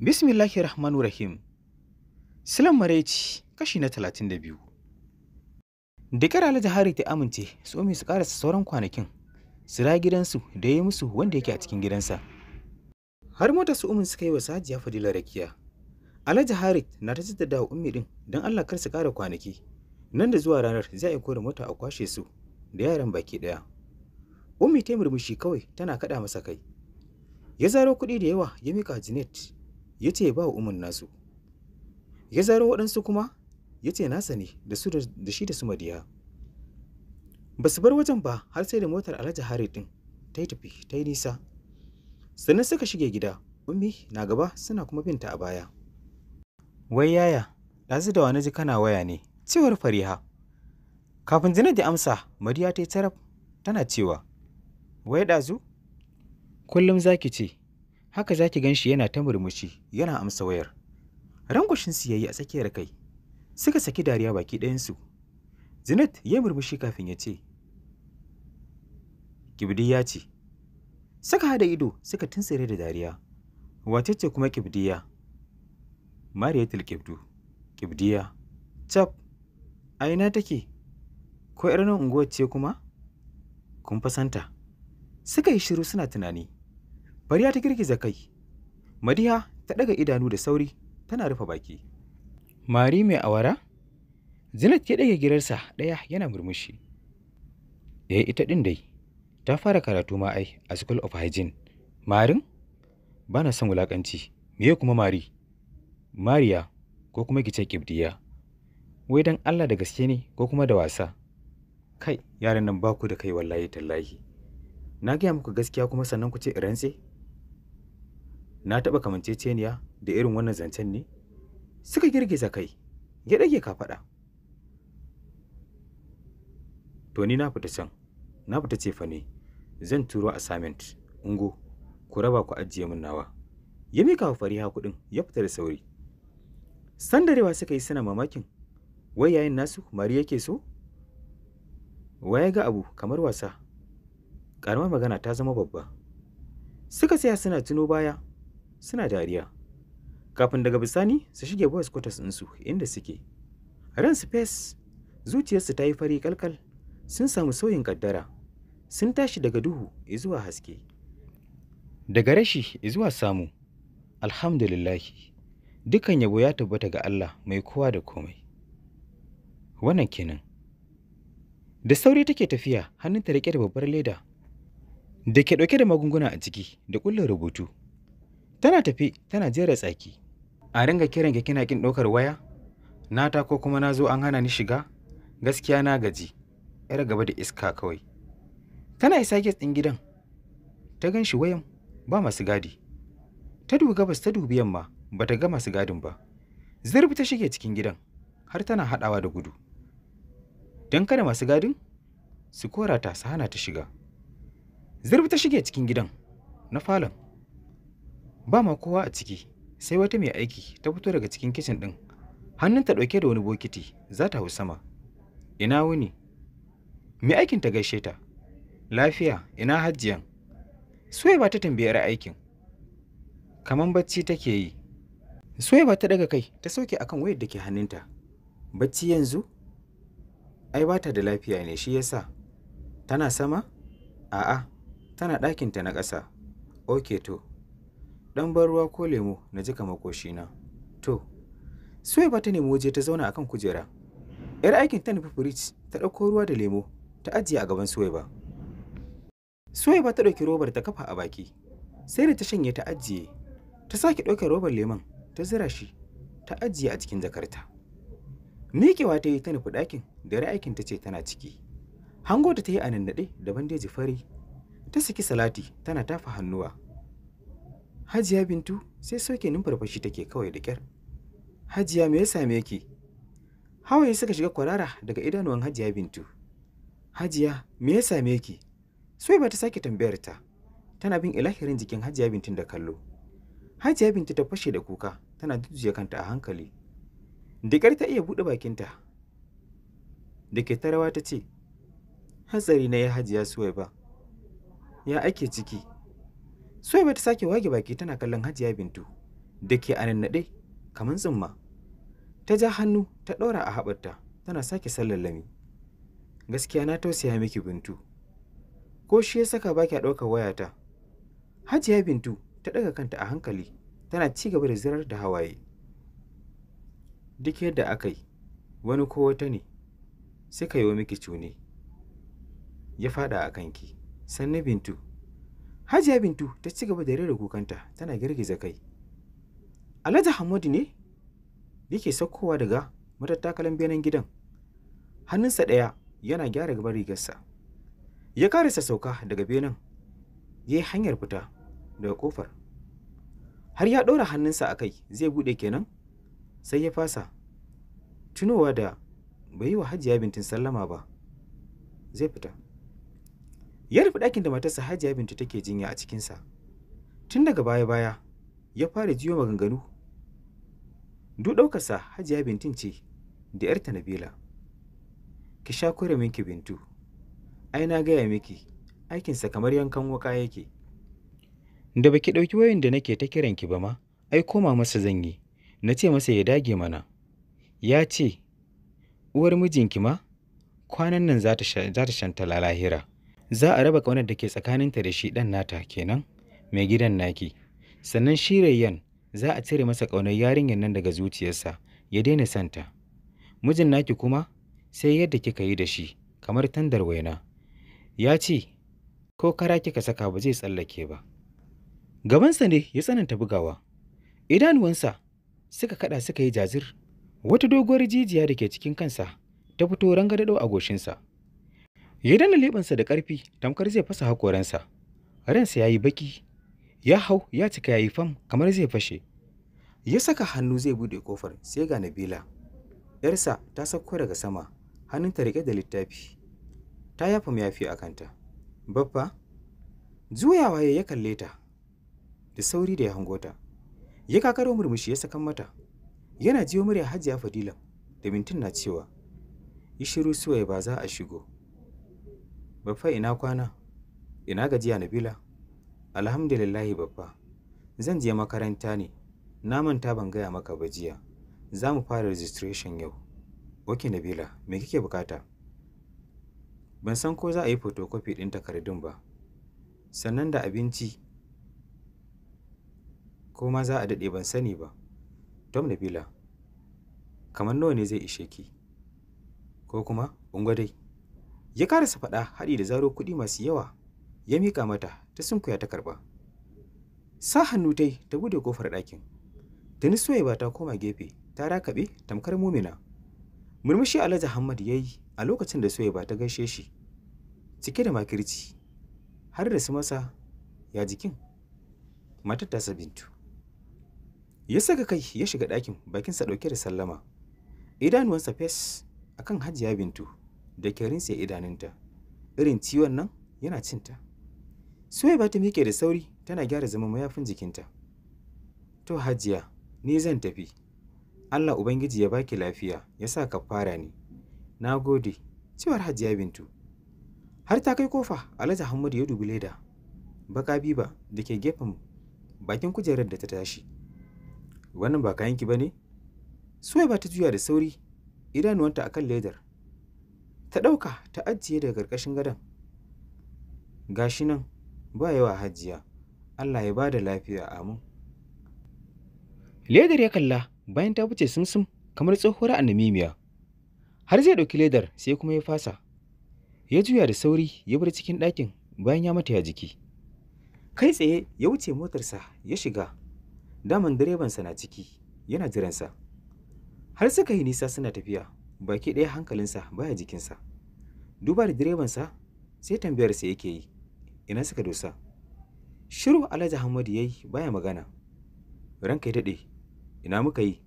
Bismillahi Rahmanu Rahim. Silan Maraici kashi na talatin da biyu. Da kyar Alhaji ta amince su Umi su karasa sauran kwanakin su ra gidansu da ya musu wanda yake a cikin gidansa. Har mota su umin suka yi wa Sajiya Fadila rakiya. Alhaji Hari na ta jaddada wa ummi ɗin don Allah kar su kara kwanaki. Nan da zuwa ranar zai a kore mota a kwashe su da yaran baki ɗaya. Ummi ta murmushi kawai tana kaɗa masa kai. Ya zaro kuɗi da yawa ya mika Janet ya ce ba umun nasu ya zaro waɗansu kuma ya ce nasa ne da su da shi da su madiya ba su bar wajen ba har sai da motar alhaji hari ɗin ta yi tafi ta yi nisa sannan suka shige gida ummi na gaba suna kuma binta a baya wai yaya ɗazu da wani ji kana waya ne cewar fariha kafin zina da amsa madiya ta yi taraf tana cewa wai ɗazu kullum zaki ce haka za ki gan shi yana ta murmushi yana amsa wayar rangushin su yayi a tsakiyar kai suka saki dariya baki ɗayansu zinat ya murmushi kafin ya ce ya ce Saka hada ido suka tuntsire da dariya ce kuma kibdiya mariyatul kibdu kibdiya cap a ina take ko 'yar nan unguwar ce kuma kun fasanta suka yi shiru suna tunani Fariya ta girgiza kai. Madiha ta ɗaga idanu da sauri tana rufe baki. Mari mai awara? Zinat ya ɗage girarsa ɗaya yana murmushi. Ya ita ɗin dai, ta fara karatu ma ai a School of Hygiene. Marin? Ba na son wulaƙanci, me kuma Mari? Mariya ko kuma kice kibdiya. Wai don Allah da gaske ne ko kuma da wasa. Kai, yaran nan ba ku da kai wallahi tallahi. Na gaya muku gaskiya kuma sannan ku ce rantse? na taɓa kamanceceniya da irin wannan zancen ne suka girgiza kai ya ɗage ka faɗa to ni na fita can na fita ce fa ne zan turo assignment ungo ku raba ku ajiye min nawa ya mika wa fariha kuɗin ya fita da sauri sandarewa suka yi suna mamakin wai yayin nasu mari yake so ya ga abu kamar wasa ƙaramar magana ta zama babba suka saya suna tuno baya suna dariya kafin daga bisani su shige boys quarters ɗinsu inda suke ran space zuciyarsu ta yi fari kalkal sun samu sauyin kaddara sun tashi daga duhu zuwa haske daga rashi zuwa samu alhamdulillahi dukan yabo ya tabbata ga Allah mai kowa da komai wannan kenan da sauri take tafiya hannunta rike da babbar leda da ke ɗauke da magunguna a ciki da kullum rubutu Tana tafi tana jera tsaki. A ringa kiran ki kina kin ɗaukar waya? Na ta ko kuma na zo an hana ni shiga? Gaskiya na gaji. Yar gaba da iska kawai. Tana isa gate ɗin gidan. Ta gan shi wayan ba masu gadi. Ta dubi gabas ta dubi yamma ba ta ga masu gadin ba. Zirbi ta shige cikin gidan har tana haɗawa da gudu. Don kada masu gadin su kora ta su hana ta shiga. Zirbi ta shige cikin gidan na falon ba ma kowa a ciki sai wata mai aiki ta fito daga cikin kicin ɗin ta ɗauke da wani bokiti za ta hau sama ina wuni mai aikin ta gaishe ta lafiya ina hajjiyan suwaiba ta tambayar aikin kaman bacci take yi suwaiba ta daga kai ta sauke akan wayar da ke hannunta bacci yanzu ai ba ta da lafiya ne shi yasa tana sama a'a tana ɗakinta na ƙasa oke to ɗan bar ruwa ko lemo na jika makoshina. To, Suwaiba ta nemi waje ta zauna akan kujera. ‘Yar aikin ta nufi firij ta ɗauko ruwa da lemo ta ajiye a gaban Suwaiba. Suwaiba ta ɗauki robar ta kafa a baki, sai da ta shanye ta ajiye. Ta sake ɗauke robar lemon ta zira shi ta ajiye a cikin jakarta. Miƙewa ta yi ta nufi ɗakin da ‘yar aikin ta ce tana ciki. Hango da ta yi a nannaɗe da bandeji fari. Ta saki salati tana tafa hannuwa. Hajiya Bintu sai sauke numfarfashi take kawai da kyar. Hajiya me ya same ki? Hawaye suka shiga kwarara daga idanuwan Hajiya Bintu. Hajiya me ya same ki? Sai ba ta sake tambayar ta. Tana bin ilahirin jikin Hajiya Bintu da kallo. Hajiya Bintu ta fashe da kuka tana jujjuya kanta a hankali. Dikar ta iya buɗe bakinta. Da ke ta rawa ta ce, Hatsari na ya Hajiya Suwaiba. Ya ake ciki? Suwaiba ta sake wage baki tana kallon Hajiya Bintu da ke a nannaɗe kamar tsumma. Ta ja hannu ta ɗora a haɓarta tana sake sallallami. Gaskiya na tausaya miki Bintu. Ko shi ya saka baki a ɗaukar wayata. Hajiya Bintu ta ɗaga kanta a hankali tana ci gaba da zirar da hawaye. Duk yadda aka yi, wani ko wata ne, suka yi wa miki cune. Ya faɗa a kanki, sannu Bintu. Hajiya Bintu ta ci gaba da rera kukanta tana girgiza kai. Alhaji Hamadu ne yake saukowa daga matattakalan benen gidan. Hannunsa ɗaya yana gyara gaban rigarsa. Ya karisa sauka daga benen, ya yi hanyar fita daga kofar Har ya ɗora hannunsa a kai zai buɗe kenan, sai ya fasa. Tunowa da bai yi wa Hajiya Bintu sallama ba, zai fita. ya rufe ɗakin da matarsa hajiya binta take jinya a cikinsa tun daga baya-baya ya fara jiyo maganganu duk ɗaukarsa hajiya bintin ce da ‘yarta nabila ki sha kure minki bintu ai na gaya miki aikinsa kamar yankan wuka yake da baki ɗauki wayan da nake ta kiran ki ba ma ai koma masa zan yi na ce masa ya dage mana ya ce uwar mijinki ma kwanan nan za ta shanta lalahira za a raba ƙaunar da ke tsakaninta da shi ɗan nata kenan mai gidan naki sannan shi rayyan za a cire masa ƙaunar yarinyar nan daga zuciyarsa ya daina santa mijin naki kuma sai yadda kika yi da shi kamar tandar waina ya ce ko kara kika saka ba zai tsallake ba gabansa ne ya tsananta bugawa idanuwansa suka kada suka yi jazir wata doguwar jijiya da ke cikin kansa ta fito rangadado a goshinsa ya dana leɓensa da ƙarfi tamkar zai fasa haƙoransa ransa ya yi baki ya hau ya cika ya yi fam kamar zai fashe ya saka hannu zai buɗe kofar sai ga nabila yarsa ta sauko daga sama hannunta riƙe da littafi ta yafa mayafi a kanta babba juyawa ya kalle ta da sauri da ya hango ta ya kakaro murmushi ya sakan mata yana jiyo murya hajiya fadila da mintin na cewa yi shiru suwaye ba za a shigo Baffa ina kwana? Ina gajiya Nabila? Alhamdulillahi baffa. Zan je makaranta ne. Na manta ban gaya maka ba jiya. Za mu fara registration yau. oke Nabila, me kike bukata? Ban san ko za a yi photocopy ɗin takardun ba. Sannan da abinci ko ma za a daɗe ban sani ba. Tom Nabila, kamar nawa ne zai ishe ki? Ko kuma, ungo dai. ya karasa faɗa haɗi da zaro kuɗi masu yawa ya mika mata ta sunkuya ta karɓa sa hannu tai ta bude kofar ɗakin ni soyayya ta koma gefe ta rakaɓe tamkar mumina murmushi alhaji hamad ya yi a lokacin da soyayya ta gaishe shi cike da makirci har da su masa ya jikin matar ta bintu. ya saka kai ya shiga ɗakin bakinsa ɗauke da sallama idanuwansa fes akan hajiya bintu da ke rinse idanunta irin ciwon nan yana cinta suwai ba ta miƙe da sauri tana gyara zama mayafin jikinta to hajiya ni zan tafi allah ubangiji ya baki lafiya ya sa ka fara ni na gode cewar hajiya bintu har ta kai kofa alhaji hamadu ya dubi leda baka biba da ke gefen bakin kujerar da ta tashi wannan ba kayanki ba ne suwai ba ta juya da sauri idanuwanta akan ledar ta ɗauka ta ajiye daga ƙarƙashin gadon gashi nan ba yawa hajiya allah ya bada da lafiya amin ledar ya kalla bayan ta wuce sumsum kamar tsohuwar annamimiya har zai ɗauki ledar sai kuma ya fasa ya juya da sauri ya bar cikin ɗakin bayan ya mata ya jiki kai tsaye ya wuce motarsa ya shiga daman direbansa na ciki yana jiransa har suka yi nisa suna tafiya baki ɗaya hankalinsa baya jikinsa duba da direbansa sai tambayarsa yake yi ina suka dosa shiru alhaji hamadu ya yi baya magana ranka ya daɗe ina muka yi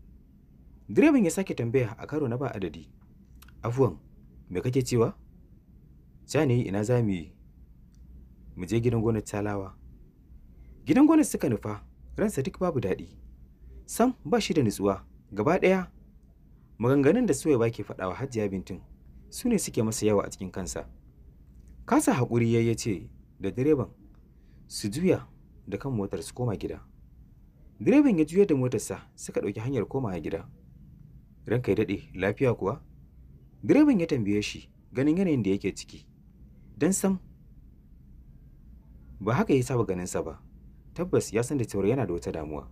direban ya sake tambaya a karo na ba adadi afuwan me kake cewa ca ne ina za mu yi mu je gidan gonar talawa gidan gonar suka nufa ransa duk babu daɗi sam ba shi da nutsuwa gaba ɗaya maganganun da suwaiba ke faɗawa hajiya bintin su ne suke masa yawa a cikin kansa kasa hakuri ya ce da direban su juya da kan motar su koma gida direban ya juya da motarsa suka ɗauki hanyar komawa gida ranka ya daɗe lafiya kuwa direban ya tambaye shi ganin yanayin da yake ciki don sam ba haka ya saba ganin sa ba tabbas ya san da cewar yana da wata damuwa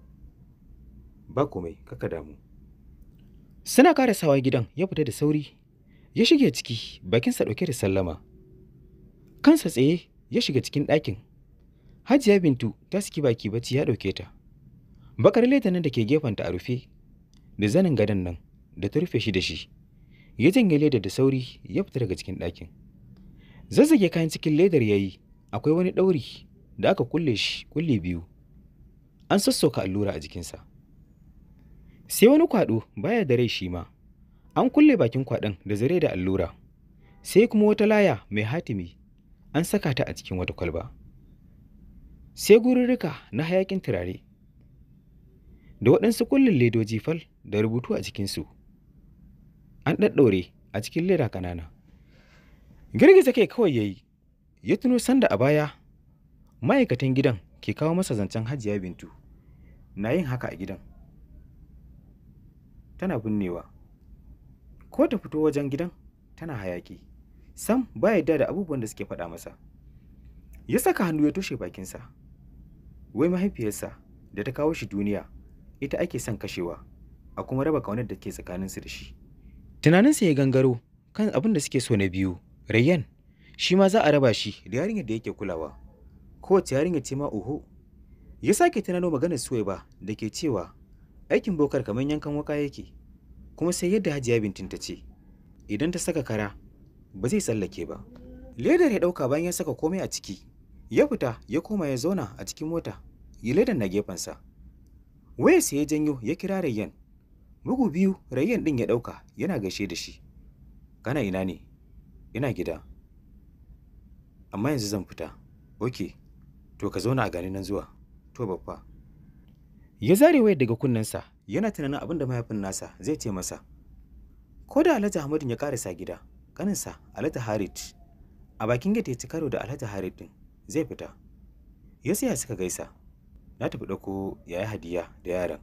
ba komai kaka damu Suna sawa gidan ya fita da sauri, ya shige ciki bakinsa ɗauke da sallama. Kansa tsaye ya shiga cikin ɗakin. Hajiya Bintu ta saki baki bacci ya ɗauke ta. Bakar letanin da ke gefenta a rufe, da zanin gadon nan da ta rufe shi da shi, ya janye leda da sauri ya fita daga cikin ɗakin. Zazzage kayan cikin ledar ya yi, akwai wani ɗauri da aka kulle shi kulle biyu. An sassoka allura a jikinsa. sai wani kwaɗo baya da rai shi ma an kulle bakin kwaɗon da zare da allura sai kuma wata laya mai hatimi an saka ta a cikin wata kwalba sai gururruka na hayakin turare da waɗansu kullin ledoji fal da rubutu a cikinsu an ɗaɗɗaure a cikin leda kanana girgiza kai kawai ya yi ya tuno sanda a baya ma'aikatan gidan ke kawo masa zancen hajiya bintu na yin haka a gidan tana binnewa ko ta fito wajen gidan tana hayaki. sam ba yadda da abubuwan da suke faɗa masa ya saka hannu ya toshe bakinsa wai mahaifiyarsa da ta kawo shi duniya ita ake son kashewa a kuma raba kaunar da ke tsakaninsu da shi tunaninsa ya gangaro kan abin da suke so na biyu rayyan shi ma za a raba shi da yarinyar da yake kulawa kowace yarinyar ce ma oho ya sake tunano maganar suwaiba da ke cewa aikin bokar kamar yankan waka yake kuma sai yadda hajiya bintin ta ce idan ta saka kara ba zai tsallake ba ledar ya dauka bayan ya saka komai a ciki ya fita ya koma ya zauna a cikin mota ya ledar na gefensa sai ya janyo ya kira rayyan bugu biyu rayyan din ya dauka yana gaishe da shi kana ina ne ina gida amma yanzu zan fita oke to ka zauna a gani nan zuwa to babba ya zare wayar daga kunnen sa. yana tunanin abin da mahaifin nasa zai ce masa ko da alhaji ahmadu ya karasa gida kaninsa alhaji harit a bakin gate ya karo da alhaji harit din zai fita ya saya suka gaisa na tafi ɗauko yayi hadiya da yaran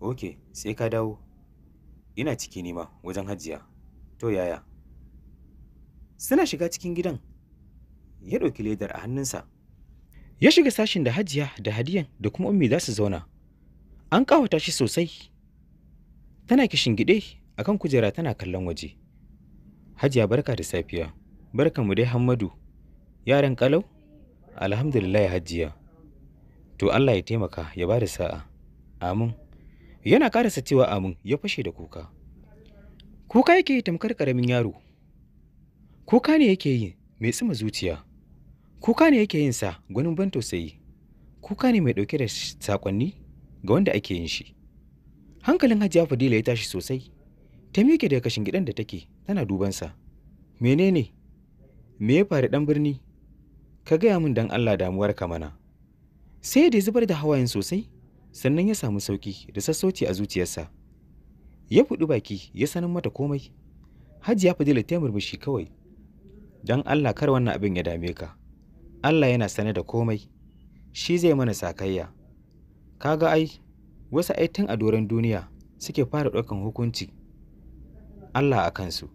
ok sai ka dawo ina ciki nima wajen hajiya to yaya suna shiga cikin gidan ya ɗauki ledar a hannunsa ya shiga sashin da hajiya da hadiyan da kuma ummi za su zauna an ƙawata shi sosai tana gide a kan kujera tana kallon waje hajiya barka da safiya barka mu dai hammadu yaran kalau alhamdulillah hajiya to allah ya taimaka ya ba da sa'a amin yana karasa cewa amin ya fashe da kuka kuka yake yi tamkar karamin yaro kuka ne yake yi mai tsima zuciya kuka ne yake yin sa gwanin ban tausayi kuka ne mai ɗauke da sakonni ga wanda ake yin shi hankalin hajiya fadila ya tashi sosai ta miƙe daga kashin gidan da take tana dubansa menene me ya faru dan birni ka gaya min dan allah damuwar ka mana sai da zubar da hawayen sosai sannan ya samu sauki da sassauci a zuciyarsa ya fudu baki ya sanin mata komai hajiya fadila ta murmushi kawai dan allah kar wannan abin ya dame ka allah yana sane da komai shi zai mana sakayya Ka ga ai, wasu ai tun a doron duniya suke fara ɗaukan hukunci Allah a kansu.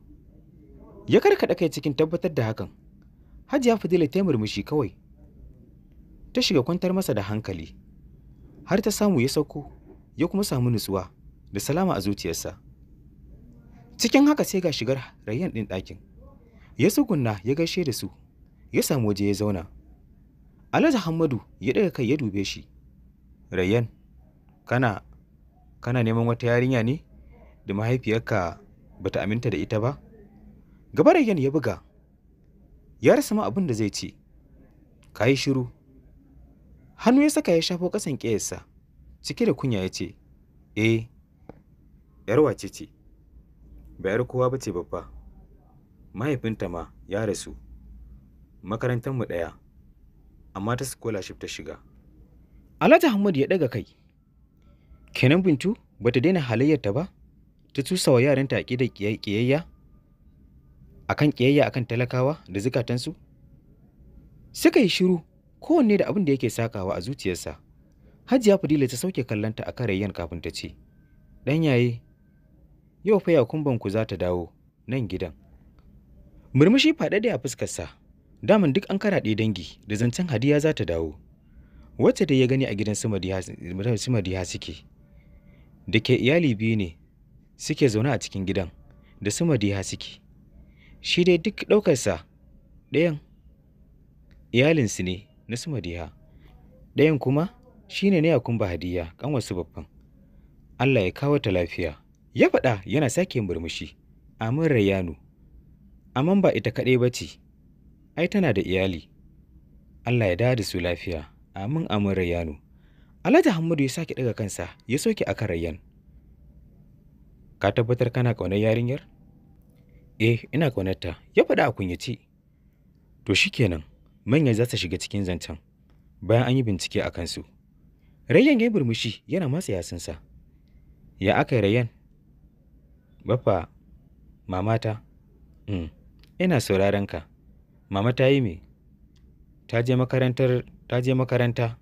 Ya karkaɗa kai cikin tabbatar da hakan, Hajiya Fadila ta murmushi kawai. Ta shiga kwantar masa da hankali, har ta samu ya sauko, ya kuma samu nutsuwa da salama a zuciyarsa. Cikin haka sai ga shigar rayyan ɗin ɗakin. Ya tsugunna ya gaishe da su, ya samu waje ya zauna. Alhaji Hamadu ya ɗaga kai ya dube shi. Rayyan, kana, kana neman wata yarinya ne da mahaifiyarka ba ta aminta da ita ba? Gaba Rayyan ya buga, ya rasa ma abin da zai ce, ka yi shiru. Hannu ya saka ya shafo ƙasan ƙeyarsa, cike da kunya ya ce, eh, ‘yar wace ce, ba ‘yar kowa ba ce babba, mahaifinta ma ya rasu, makarantar mu ɗaya, amma ta scholarship ta shiga. Alhaji Ahmad ya ɗaga kai. Kenan Bintu ba ta daina halayyarta ba? Ta tusa wa yaranta aƙidar ƙiyayya? Akan ƙiyayya akan talakawa da zukatansu? Suka yi shiru kowanne da abin da yake sakawa a zuciyarsa. Hajiya Fadila ta sauke kallonta a kan rayyan kafin ta ce, Ɗan yaye, yau fa ku za ta dawo nan gidan. Murmushi faɗaɗe a fuskarsa, daman duk an karaɗe dangi da zancen hadiya za ta dawo. wacce da ya gani a gidan su madiha suke da ke iyali biyu ne suke zaune a cikin gidan da su madiha suke shi dai duk ɗaukarsa ɗayan iyalinsu ne na su madiha ɗayan kuma shi ne na yakun bahadiya ƙanwarsu babban allah ya kawo ta lafiya ya faɗa yana sake murmushi amin rayanu amma ba ita kaɗai ba ce ai tana da iyali allah ya da su lafiya Amin amin Rayyano. Alhaji Hamadu ya sake daga kansa ya soke a akan Rayyan. Ka tabbatar kana ƙaunar yarinyar? Eh, ina ƙaunarta. Ya faɗa a kunyace. To shikenan, manya za ta shiga cikin zancen bayan an yi bincike a kansu. Rayyan ya burmushi yana masa yasinsa. Ya aka yi Rayyan? Bafa, mamata, mm, ina sauraron ka. Mama ta yi me? Ta je makarantar ta je makaranta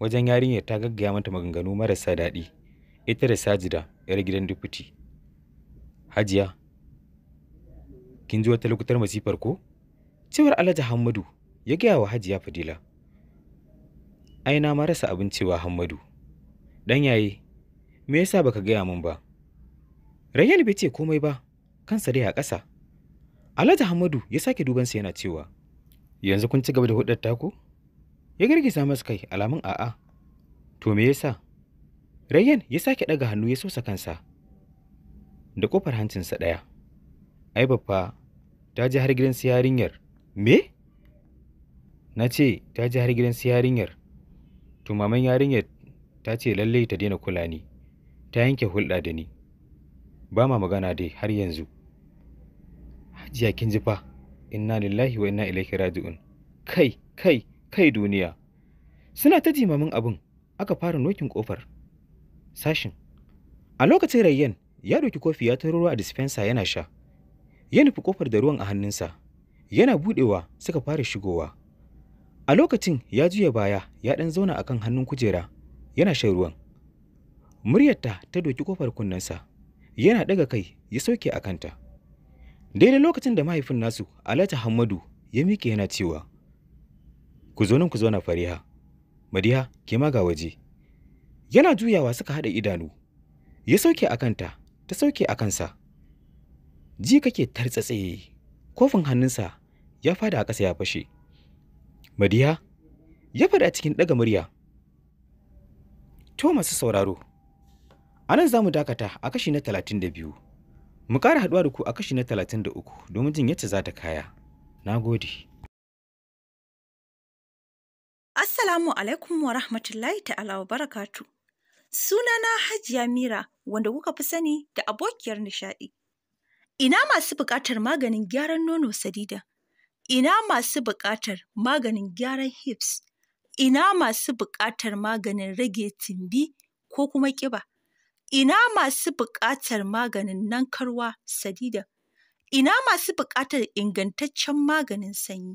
wajen yarinyar ta gaggaya mata maganganu marasa daɗi ita da sajida yar gidan dufuti hajiya kin ji wata lokutar masifar ko cewar alhaji hammadu ya gaya wa hajiya fadila Aina na ma rasa abin cewa hammadu dan yaye me yasa baka gaya min ba rayyan bai ce komai ba kansa dai a ƙasa alhaji hammadu ya sake dubansa yana cewa yanzu kun ci gaba da hudar taku ya girgiza masa kai alamun a'a to me yasa rayyan ya sake daga hannu ya sosa kansa da kofar hancinsa ɗaya ai babba ta ji har gidan su yarinyar me na ce ta ji har gidan su yarinyar to maman yarinyar ta ce lallai ta daina kula ni ta yanke hulɗa da ni ba ma magana dai har yanzu hajiya kin ji fa inna lillahi wa inna ilaihi raji'un kai kai kai duniya suna ta jimamin abin aka fara nokin kofar sashin a lokacin rayyan ya doki kofi ya taro ruwa a dispensa yana sha ya nufi kofar da ruwan a hannunsa yana budewa suka fara shigowa a lokacin ya juya baya ya dan zauna akan hannun kujera yana shan ruwan muryarta ta doki kofar kunnensa yana daga kai ya sauke a kanta daidai lokacin da mahaifin nasu alata hamadu ya miƙe yana cewa Ku zo nan ku na Fariha. Madiha, ke ma ga waje. Yana juyawa suka haɗa idanu. Ya sauke a kanta, ta sauke a kansa. Ji kake tsaye Kofin hannunsa ya fada a ƙasa ya fashe. Madiha, ya faɗa cikin ɗaga murya. To masu sauraro, a nan za mu dakata a kashi na talatin da biyu. Mu ƙara haɗuwa da ku a kashi na talatin da uku domin jin yadda za ta kaya. Na gode. Assalamu alaikum wa rahmatullahi ta'ala wa barakatu. Sunana Hajiya Mira wanda kuka fi sani da abokiyar nishaɗi. Ina masu buƙatar maganin gyaran nono sadida. Ina masu buƙatar maganin gyaran hips. Ina masu buƙatar maganin rage tumbi ko kuma ƙiba. Ina masu buƙatar maganin nankarwa sadida. Ina masu buƙatar ingantaccen maganin sanyi.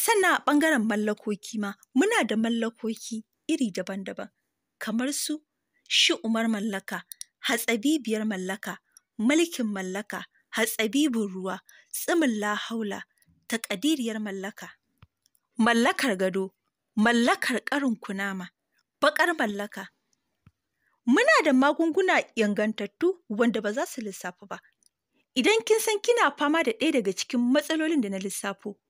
Sannan a ɓangaren mallakoki ma muna da mallakoki iri daban-daban kamar su shi umar mallaka, hatsabibiyar mallaka, mulkin mallaka, hatsabibin ruwa, tsimin lahaula, takadiriyar mallaka. Mallakar gado, mallakar ƙarin kunama, baƙar mallaka. Muna da magunguna yangantattu wanda ba za su lissafu ba. Idan kin san kina fama da ɗaya daga cikin matsalolin da na lissafo,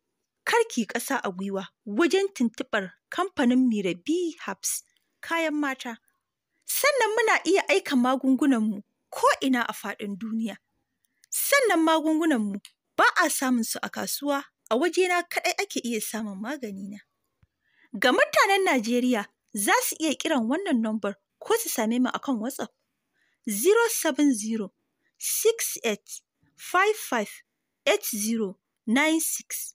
karki ƙasa a gwiwa wajen tuntuɓar kamfanin Mirabi B Hubs kayan mata. Sannan muna iya aika magungunanmu ko ina a faɗin duniya. Sannan magungunanmu ba a samun su a kasuwa a wajena kaɗai ake iya samun magani na Ga mutanen Najeriya za su iya kiran wannan nombar ko su same mu akan WhatsApp 070 68 55 six.